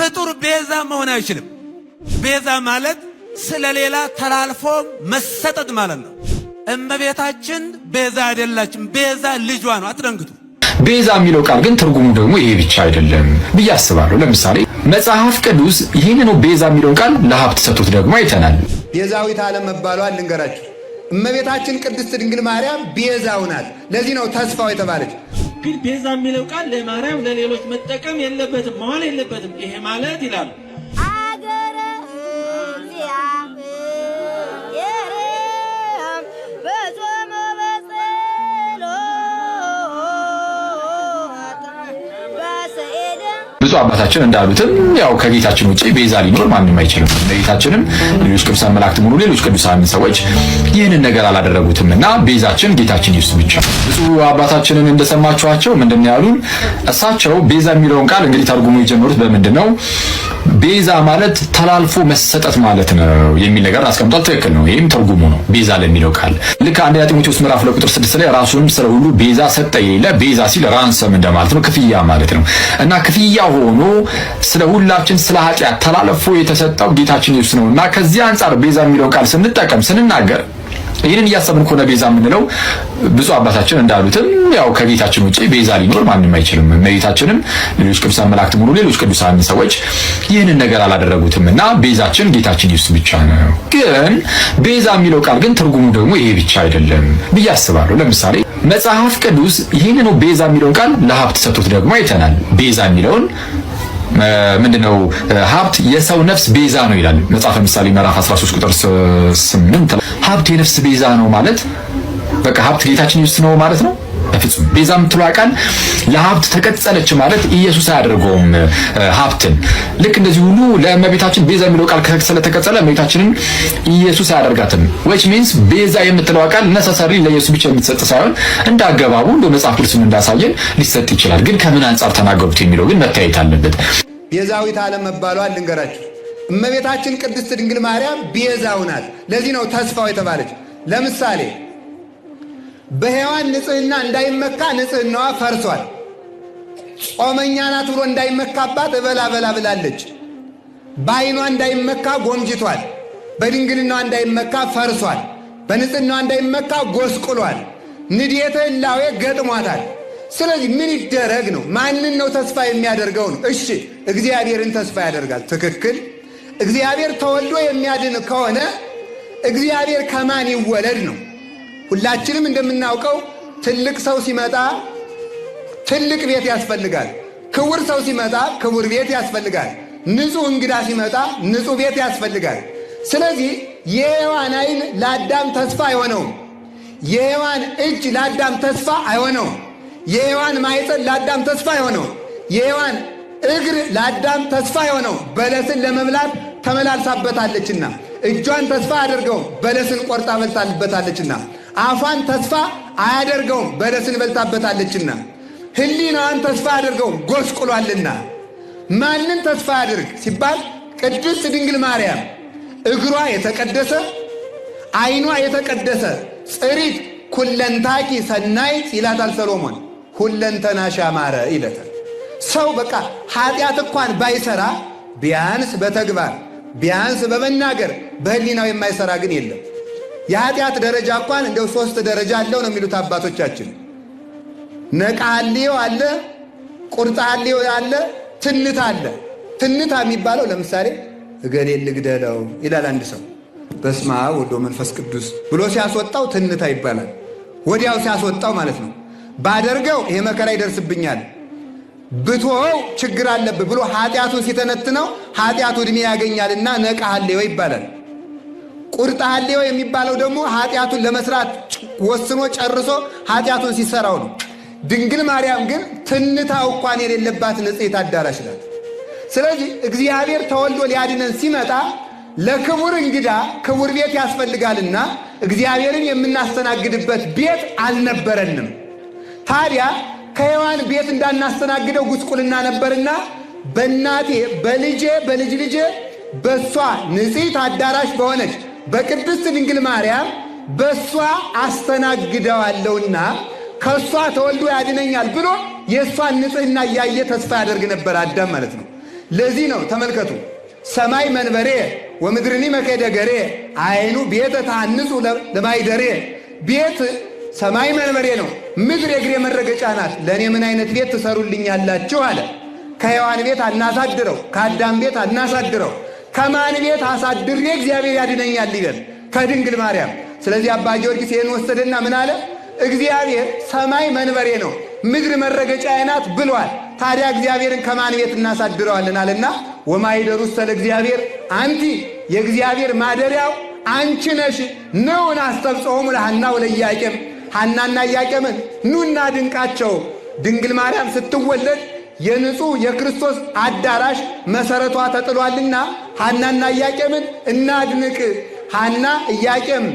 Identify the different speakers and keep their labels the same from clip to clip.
Speaker 1: ፍጡር ቤዛ መሆን አይችልም። ቤዛ ማለት ስለሌላ ተላልፎ መሰጠት ማለት ነው። እመቤታችን ቤዛ አይደላችም። ቤዛ ልጇ ነው። አትደንግጡ።
Speaker 2: ቤዛ የሚለው ቃል ግን ትርጉሙ ደግሞ ይሄ ብቻ አይደለም ብዬ አስባለሁ። ለምሳሌ መጽሐፍ ቅዱስ ይህንኑ ቤዛ የሚለውን ቃል ለሀብት ሰጡት ደግሞ አይተናል።
Speaker 1: ቤዛዊት ዓለም መባሏን ልንገራችሁ። እመቤታችን ቅድስት ድንግል ማርያም ቤዛው ናት። ለዚህ ነው ተስፋው የተባለች ግን ቤዛ የሚለው ቃል ለማርያም ለሌሎች መጠቀም የለበትም መዋል የለበትም። ይሄ ማለት ይላሉ
Speaker 2: ብፁዕ አባታችን እንዳሉትም ያው ከጌታችን ውጪ ቤዛ ሊኖር ማንም አይችልም። ጌታችንም ሌሎች ቅዱሳን መላእክትም ሆኑ ሌሎች ቅዱሳን ሰዎች ይህንን ነገር አላደረጉትም እና ቤዛችን ጌታችን ኢየሱስ ብቻ። ብፁዕ አባታችንን እንደሰማችኋቸው ምንድን ያሉን? እሳቸው ቤዛ የሚለውን ቃል እንግዲህ ተርጉሞ የጀመሩት በምንድን ነው ቤዛ ማለት ተላልፎ መሰጠት ማለት ነው የሚል ነገር አስቀምጧል። ትክክል ነው። ይህም ትርጉሙ ነው ቤዛ ለሚለው ቃል። ልክ አንደኛ ጢሞቴዎስ ምዕራፍ ለቁጥር ቁጥር ስድስት ላይ ራሱንም ስለ ሁሉ ቤዛ ሰጠ የለ ቤዛ ሲል ራንሰም እንደማለት ነው፣ ክፍያ ማለት ነው እና ክፍያ ሆኖ ስለ ሁላችን ስለ ኃጢአት ተላልፎ የተሰጠው ጌታችን ኢየሱስ ነው እና ከዚህ አንጻር ቤዛ የሚለው ቃል ስንጠቀም ስንናገር ይህንን እያሰብን ከሆነ ቤዛ የምንለው ብዙ አባታችን እንዳሉትም ያው ከጌታችን ውጭ ቤዛ ሊኖር ማንም አይችልም። መቤታችንም ሌሎች ቅዱሳን መላእክት ሙሉ ሌሎች ቅዱሳን ሰዎች ይህንን ነገር አላደረጉትም እና ቤዛችን ጌታችን ኢየሱስ ብቻ ነው። ግን ቤዛ የሚለው ቃል ግን ትርጉሙ ደግሞ ይሄ ብቻ አይደለም ብዬ አስባለሁ። ለምሳሌ መጽሐፍ ቅዱስ ይህንኑ ቤዛ የሚለውን ቃል ለሀብት ሰጥቶት ደግሞ አይተናል። ቤዛ የሚለውን ምንድነው ሀብት የሰው ነፍስ ቤዛ ነው ይላል መጽሐፈ ምሳሌ ምዕራፍ 13 ቁጥር 8 ሀብት የነፍስ ቤዛ ነው ማለት በቃ ሀብት ጌታችን ኢየሱስ ነው ማለት ነው በፍጹም ቤዛ የምትሏ ቃል ለሀብት ተቀጸለች ማለት ኢየሱስ አያደርገውም ሀብትን ልክ እንደዚህ ሁሉ ለእመቤታችን ቤዛ የሚለው ቃል ስለተቀጸለ እመቤታችንን ኢየሱስ አያደርጋትም ዊች ሚንስ ቤዛ የምትለው ቃል ነሰሰሪ ለኢየሱስ ብቻ የምትሰጥ ሳይሆን እንደ አገባቡ እንደ መጽሐፍ ቅዱስም እንዳሳየን ሊሰጥ ይችላል ግን ከምን አንጻር ተናገሩት የሚለው ግን መታየት አለበት
Speaker 1: ቤዛዊት ዓለም መባሏን ልንገራችሁ። እመቤታችን ቅድስት ድንግል ማርያም ቤዛው ናት። ለዚህ ነው ተስፋው የተባለች። ለምሳሌ በሔዋን ንጽህና እንዳይመካ ንጽህናዋ ፈርሷል። ጾመኛ ናት ብሎ እንዳይመካባት እበላ በላ ብላለች። በዓይኗ እንዳይመካ ጎምጅቷል። በድንግልናዋ እንዳይመካ ፈርሷል። በንጽህናዋ እንዳይመካ ጎስቁሏል። ንዴተ እላዌ ገጥሟታል። ስለዚህ ምን ይደረግ ነው? ማንን ነው ተስፋ የሚያደርገው ነው? እሺ እግዚአብሔርን ተስፋ ያደርጋል። ትክክል። እግዚአብሔር ተወልዶ የሚያድን ከሆነ እግዚአብሔር ከማን ይወለድ ነው? ሁላችንም እንደምናውቀው ትልቅ ሰው ሲመጣ ትልቅ ቤት ያስፈልጋል። ክቡር ሰው ሲመጣ ክቡር ቤት ያስፈልጋል። ንጹሕ እንግዳ ሲመጣ ንጹሕ ቤት ያስፈልጋል። ስለዚህ የሔዋን ዓይን ለአዳም ተስፋ አይሆነውም። የሔዋን እጅ ለአዳም ተስፋ አይሆነውም። የሔዋን ማኅፀን ለአዳም ተስፋ የሆነው የሔዋን እግር ለአዳም ተስፋ የሆነው በለስን ለመብላት ተመላልሳበታለችና፣ እጇን ተስፋ አድርገው በለስን ቆርጣ በልታበታለችና፣ አፏን ተስፋ አያደርገውም በለስን በልታበታለችና፣ ህሊናዋን ተስፋ አድርገው ጎስቁሏልና። ማንን ተስፋ አድርግ ሲባል ቅድስት ድንግል ማርያም እግሯ የተቀደሰ አይኗ የተቀደሰ ጽሪት ኩለንታኪ ሰናይት ይላታል ሰሎሞን። ሁለንተናሽ አማረ ይለታል። ሰው በቃ ኃጢአት እንኳን ባይሰራ ቢያንስ በተግባር ቢያንስ በመናገር በህሊናው የማይሰራ ግን የለም። የኃጢአት ደረጃ እንኳን እንደው ሶስት ደረጃ አለው ነው የሚሉት አባቶቻችን። ነቃልዮ አለ፣ ቁርጣልዮ አለ፣ ትንታ አለ። ትንታ የሚባለው ለምሳሌ እገሌን ልግደለው ይላል አንድ ሰው በስመ አብ ወወልድ ወመንፈስ ቅዱስ ብሎ ሲያስወጣው ትንታ ይባላል። ወዲያው ሲያስወጣው ማለት ነው። ባደርገው ይሄ መከራ ይደርስብኛል፣ ብትወው ችግር አለብህ ብሎ ኃጢአቱን ሲተነትነው ኃጢአቱ ዕድሜ ያገኛልና ነቃ ሀሌወ ይባላል። ቁርጥ ሀሌወ የሚባለው ደግሞ ኃጢአቱን ለመስራት ወስኖ ጨርሶ ኃጢአቱን ሲሰራው ነው። ድንግል ማርያም ግን ትንታ እንኳን የሌለባት ንጽሕት አዳራሽ ናት። ስለዚህ እግዚአብሔር ተወልዶ ሊያድነን ሲመጣ ለክቡር እንግዳ ክቡር ቤት ያስፈልጋልና እግዚአብሔርን የምናስተናግድበት ቤት አልነበረንም። ታዲያ ከሔዋን ቤት እንዳናስተናግደው ጉስቁልና ነበርና በእናቴ በልጄ በልጅ ልጄ በእሷ ንጽሕት አዳራሽ በሆነች በቅድስት ድንግል ማርያም በእሷ አስተናግደዋለውና ከእሷ ተወልዶ ያድነኛል ብሎ የእሷን ንጽሕና እያየ ተስፋ ያደርግ ነበር አዳም ማለት ነው። ለዚህ ነው ተመልከቱ፣ ሰማይ መንበሬ ወምድርኒ መከደ ገሬ አይኑ ቤተ ታንጹ ለማይደሬ ቤት ሰማይ መንበሬ ነው ምድር የእግሬ መረገጫ ናት። ለእኔ ምን አይነት ቤት ትሰሩልኛላችሁ አለ። ከሔዋን ቤት አናሳድረው፣ ከአዳም ቤት አናሳድረው፣ ከማን ቤት አሳድሬ እግዚአብሔር ያድነኛል ይበል ከድንግል ማርያም። ስለዚህ አባ ጊዮርጊስ ይህን ወሰደና ምን አለ? እግዚአብሔር ሰማይ መንበሬ ነው፣ ምድር መረገጫዬ ናት ብሏል። ታዲያ እግዚአብሔርን ከማን ቤት እናሳድረዋለን አለና ወማይደሩ ሰለ እግዚአብሔር አንቲ የእግዚአብሔር ማደሪያው አንቺ ነሽ ነውን አስተብጾሙ ለሐና ወለያቄም ሐናና ኢያቄምን ኑና ድንቃቸው። ድንግል ማርያም ስትወለድ የንጹሕ የክርስቶስ አዳራሽ መሠረቷ ተጥሏልና ሐናና ኢያቄምን እናድንቅ። ሐና ኢያቄም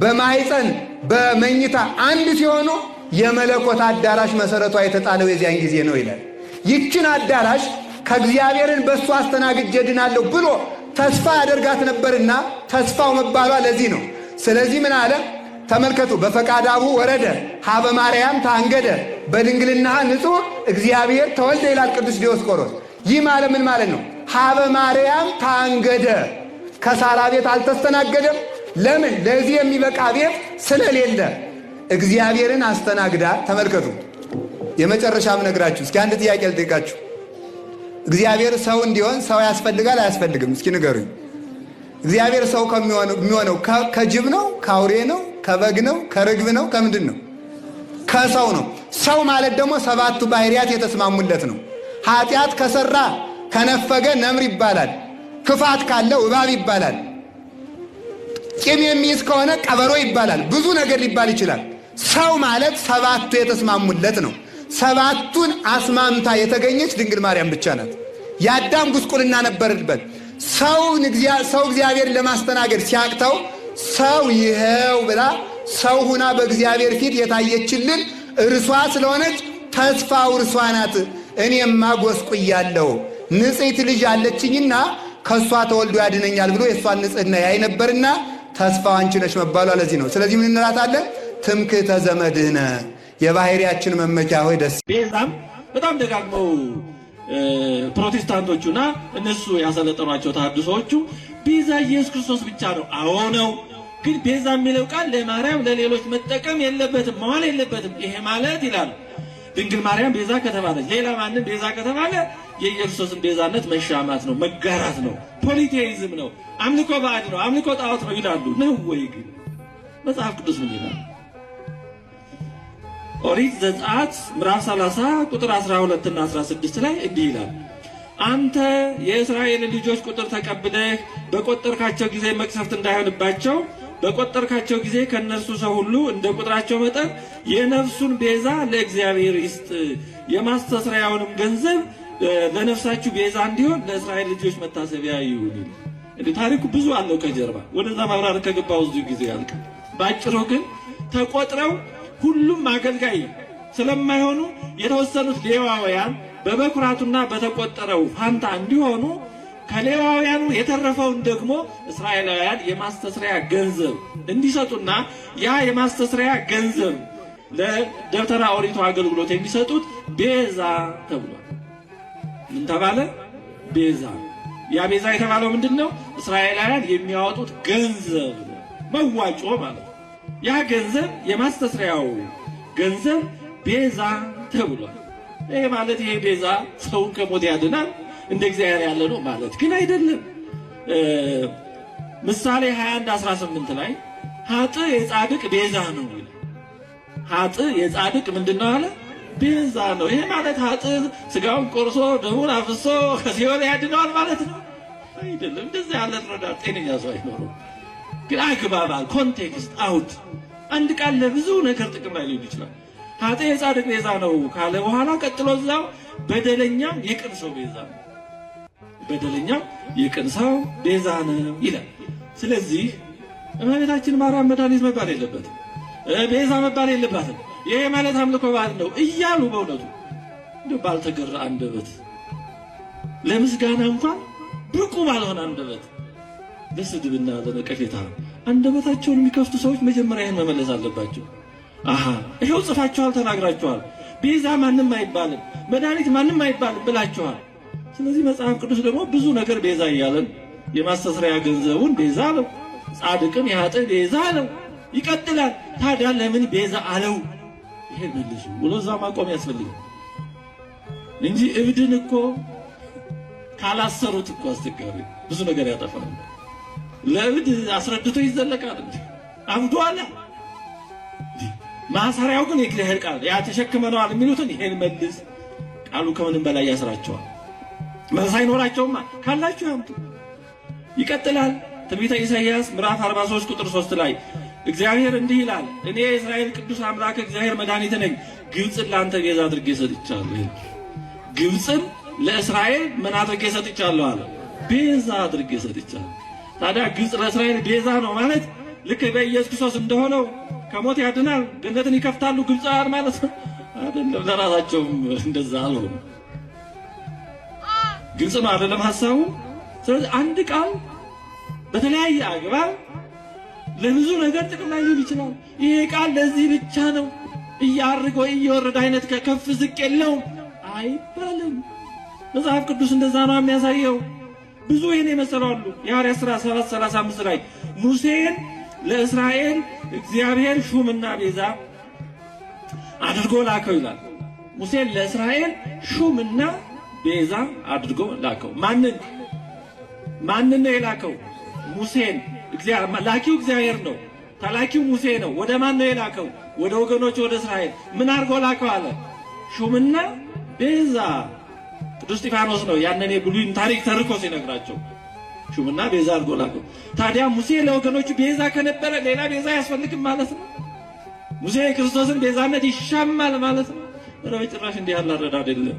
Speaker 1: በማይፀን በመኝታ አንድ ሲሆኑ የመለኮት አዳራሽ መሠረቷ የተጣለው የዚያን ጊዜ ነው ይላል። ይችን አዳራሽ ከእግዚአብሔርን በእሱ አስተናግጄ ድናለሁ ብሎ ተስፋ ያደርጋት ነበርና ተስፋው መባሏ ለዚህ ነው። ስለዚህ ምን አለ? ተመልከቱ። በፈቃድ ወረደ ሀበ ማርያም ታንገደ በድንግልና ንጹሕ እግዚአብሔር ተወልደ ይላል ቅዱስ ዲዮስቆሮስ። ይህ ማለት ምን ማለት ነው? ሀበ ማርያም ታንገደ ከሳራ ቤት አልተስተናገደም። ለምን? ለዚህ የሚበቃ ቤት ስለሌለ እግዚአብሔርን አስተናግዳ። ተመልከቱ። የመጨረሻም ነግራችሁ እስኪ አንድ ጥያቄ ልጠይቃችሁ። እግዚአብሔር ሰው እንዲሆን ሰው ያስፈልጋል አያስፈልግም? እስኪ ንገሩኝ። እግዚአብሔር ሰው ከሚሆነው ከጅብ ነው? ከአውሬ ነው? ከበግ ነው፣ ከርግብ ነው፣ ከምንድን ነው? ከሰው ነው። ሰው ማለት ደግሞ ሰባቱ ባህሪያት የተስማሙለት ነው። ኃጢአት ከሰራ ከነፈገ ነምር ይባላል። ክፋት ካለ እባብ ይባላል። ቂም የሚይዝ ከሆነ ቀበሮ ይባላል። ብዙ ነገር ሊባል ይችላል። ሰው ማለት ሰባቱ የተስማሙለት ነው። ሰባቱን አስማምታ የተገኘች ድንግል ማርያም ብቻ ናት። የአዳም ጉስቁልና ነበርበት። ሰው እግዚአብሔርን ለማስተናገድ ሲያቅተው ሰው ይኸው ብላ ሰው ሁና በእግዚአብሔር ፊት የታየችልን እርሷ ስለሆነች ተስፋው እርሷ ናት። እኔማ ጎስቁያለሁ፣ ንጽሕት ልጅ አለችኝና ከእሷ ተወልዶ ያድነኛል ብሎ የእሷን ንጽሕና ያይ ነበርና ተስፋው አንቺ ነሽ መባሏ ለዚህ ነው። ስለዚህ ምን እንላታለን? ትምክህተ ዘመድህነ የባሕርያችን መመኪያ ሆይ ደስ ቤዛም በጣም ደጋግመው ፕሮቴስታንቶቹና እነሱ ያሰለጠኗቸው ተሐድሶዎቹ ቤዛ ኢየሱስ ክርስቶስ ብቻ ነው። አዎ ነው። ግን ቤዛ የሚለው ቃል ለማርያም ለሌሎች መጠቀም የለበትም መዋል የለበትም። ይሄ ማለት ይላሉ ድንግል ማርያም ቤዛ ከተባለች ሌላ ማንም ቤዛ ከተባለ የኢየሱስን ቤዛነት መሻማት ነው፣ መጋራት ነው፣ ፖሊቴይዝም ነው፣ አምልኮ ባዕድ ነው፣ አምልኮ ጣዖት ነው ይላሉ። ነው ወይ ግን መጽሐፍ ቅዱስ ምን ይላል? ኦሪት ዘጸአት ምዕራፍ 30 ቁጥር 12 እና 16 ላይ እንዲህ ይላል አንተ የእስራኤል ልጆች ቁጥር ተቀብለህ በቆጠርካቸው ጊዜ መቅሰፍት እንዳይሆንባቸው በቆጠርካቸው ጊዜ ከእነርሱ ሰው ሁሉ እንደ ቁጥራቸው መጠን የነፍሱን ቤዛ ለእግዚአብሔር ይስጥ፣ የማስተስሪያውንም ገንዘብ ለነፍሳችሁ ቤዛ እንዲሆን ለእስራኤል ልጆች መታሰቢያ ይሁን። እንደ ታሪኩ ብዙ አለው ከጀርባ ወደዛ ማብራር ከገባው ብዙ ጊዜ ያልቅ። ባጭሩ ግን ተቆጥረው ሁሉም አገልጋይ ስለማይሆኑ የተወሰኑት ሌዋውያን በበኩራቱና በተቆጠረው ፋንታ እንዲሆኑ ከሌዋውያኑ የተረፈውን ደግሞ እስራኤላውያን የማስተስሪያ ገንዘብ እንዲሰጡና ያ የማስተስሪያ ገንዘብ ለደብተራ ኦሪቱ አገልግሎት የሚሰጡት ቤዛ ተብሏል። ምን ተባለ? ቤዛ። ያ ቤዛ የተባለው ምንድን ነው? እስራኤላውያን የሚያወጡት ገንዘብ መዋጮ ማለት ያ ገንዘብ የማስተስሪያው ገንዘብ ቤዛ ተብሏል። ይሄ ማለት ይሄ ቤዛ ሰውን ከሞት ያድናል እንደ እግዚአብሔር ያለ ነው ማለት ግን አይደለም። ምሳሌ 21 18 ላይ ሀጥ የጻድቅ ቤዛ ነው ይላል። ሀጥ የጻድቅ ምንድን ነው አለ ቤዛ ነው። ይሄ ማለት ሀጥ ስጋውን ቆርሶ ደሙን አፍሶ ከሲኦል ያድነዋል ማለት ነው አይደለም። እንደዚህ ያለ ረዳት ጤነኛ ሰው አይኖርም። ግን አግባባል ኮንቴክስት አውት አንድ ቃል ለብዙ ነገር ጥቅም ላይ ሊሆን ይችላል። ኃጥእ የጻድቅ ቤዛ ነው ካለ በኋላ ቀጥሎ እዛው በደለኛም የቅን ሰው ቤዛ ነው፣ በደለኛም የቅን ሰው ቤዛ ነው ይላል። ስለዚህ እመቤታችን ማርያም መድኃኒት መባል የለበትም፣ ቤዛ መባል የለባትም፣ ይሄ ማለት አምልኮ ባል ነው እያሉ በእውነቱ እንደው ባልተገራ አንደበት ለምስጋና እንኳን ብቁ ባልሆነ አንደበት ለስድብና ለነቀፌታ አንደበታቸውን የሚከፍቱ ሰዎች መጀመሪያ ይህን መመለስ አለባቸው። ይኸው ጽፋችኋል፣ ተናግራችኋል። ቤዛ ማንም አይባልም፣ መድኃኒት ማንም አይባልም ብላችኋል። ስለዚህ መጽሐፍ ቅዱስ ደግሞ ብዙ ነገር ቤዛ እያለን የማስተስሪያ ገንዘቡን ቤዛ አለው፣ ጻድቅን ያጠ ቤዛ አለው። ይቀጥላል። ታዲያ ለምን ቤዛ አለው? ይሄ መልሱ ብሎ እዛ ማቆም ያስፈልጋል እንጂ እብድን እኮ ካላሰሩት እኮ አስቸጋሪ ብዙ ነገር ያጠፋል። ለእብድ አስረድቶ ይዘለቃል። አብዶ አለ ማሰሪያው ግን የእግዚአብሔር ቃል ያ ተሸክመነዋል የሚሉትን ይሄን መልስ ቃሉ ከምንም በላይ ያስራቸዋል። መልስ አይኖራቸውማ ካላችሁ ያምጡ። ይቀጥላል። ትንቢተ ኢሳይያስ ምዕራፍ 43 ቁጥር 3 ላይ እግዚአብሔር እንዲህ ይላል፣ እኔ የእስራኤል ቅዱስ አምላክ እግዚአብሔር መድኃኒት ነኝ፣ ግብፅን ለአንተ ቤዛ አድርጌ ሰጥቻለሁ። ግብፅን ለእስራኤል ምን አድርጌ ሰጥቻለሁ አለ? ቤዛ አድርጌ ሰጥቻለሁ። ታዲያ ግብፅ ለእስራኤል ቤዛ ነው ማለት ልክ በኢየሱስ ክርስቶስ እንደሆነው ከሞት ያድናል፣ ገነትን ይከፍታሉ ግብፃውያን ማለት ነው አይደለም። ለራሳቸውም እንደዛ አልሆኑ ግልጽ ነው አይደለም ሀሳቡ። ስለዚህ አንድ ቃል በተለያየ አግባብ ለብዙ ነገር ጥቅም ላይ ሊውል ይችላል። ይሄ ቃል ለዚህ ብቻ ነው እያርግ ወይ እየወረደ አይነት ከከፍ ዝቅ የለውም አይባልም። መጽሐፍ ቅዱስ እንደዛ ነው የሚያሳየው። ብዙ ይህን የመሰሉ አሉ። የሐዋርያት ሥራ 35 ላይ ሙሴን ለእስራኤል እግዚአብሔር ሹምና ቤዛ አድርጎ ላከው ይላል። ሙሴን ለእስራኤል ሹምና ቤዛ አድርጎ ላከው። ማንን ማንን ነው የላከው? ሙሴን። ላኪው እግዚአብሔር ነው፣ ተላኪው ሙሴ ነው። ወደ ማን ነው የላከው? ወደ ወገኖች፣ ወደ እስራኤል። ምን አድርጎ ላከው አለ? ሹምና ቤዛ። ቅዱስ እስጢፋኖስ ነው ያንን የብሉይን ታሪክ ተርኮ ሲነግራቸው ሹምና ቤዛ አድርጎ ታዲያ ሙሴ ለወገኖቹ ቤዛ ከነበረ ሌላ ቤዛ አያስፈልግም ማለት ነው? ሙሴ የክርስቶስን ቤዛነት ይሻማል ማለት ነው? ኧረ በጭራሽ እንዲህ ያለ አረዳ አይደለም።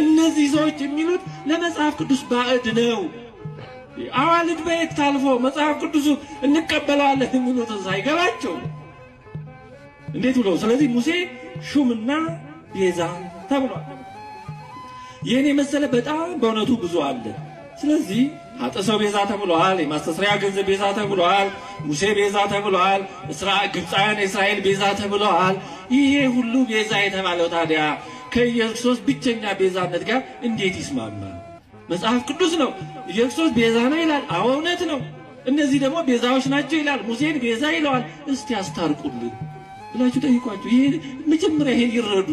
Speaker 1: እነዚህ ሰዎች የሚሉት ለመጽሐፍ ቅዱስ ባዕድ ነው። አዋልድ በየት ታልፎ መጽሐፍ ቅዱሱ እንቀበለዋለን የሚሉትን ሳይገባቸው እንዴት ብሎ ስለዚህ ሙሴ ሹምና ቤዛ ተብሏል። ይህን የመሰለ በጣም በእውነቱ ብዙ አለ። ስለዚህ አጥሰው ቤዛ ተብሏል የማስተስሪያ ገንዘብ ቤዛ ተብሏል። ሙሴ ቤዛ ተብሏል ግብፃውያን እስራኤል ቤዛ ተብለዋል። ይሄ ሁሉ ቤዛ የተባለው ታዲያ ከኢየሱስ ብቸኛ ቤዛነት ጋር እንዴት ይስማማል? መጽሐፍ ቅዱስ ነው። ኢየሱስ ቤዛ ነው ይላል። አዎ እውነት ነው። እነዚህ ደግሞ ቤዛዎች ናቸው ይላል። ሙሴን ቤዛ ይለዋል። እስቲ አስታርቁልን ብላችሁ ጠይቋቸው። ይሄ መጀመሪያ ይሄ ይረዱ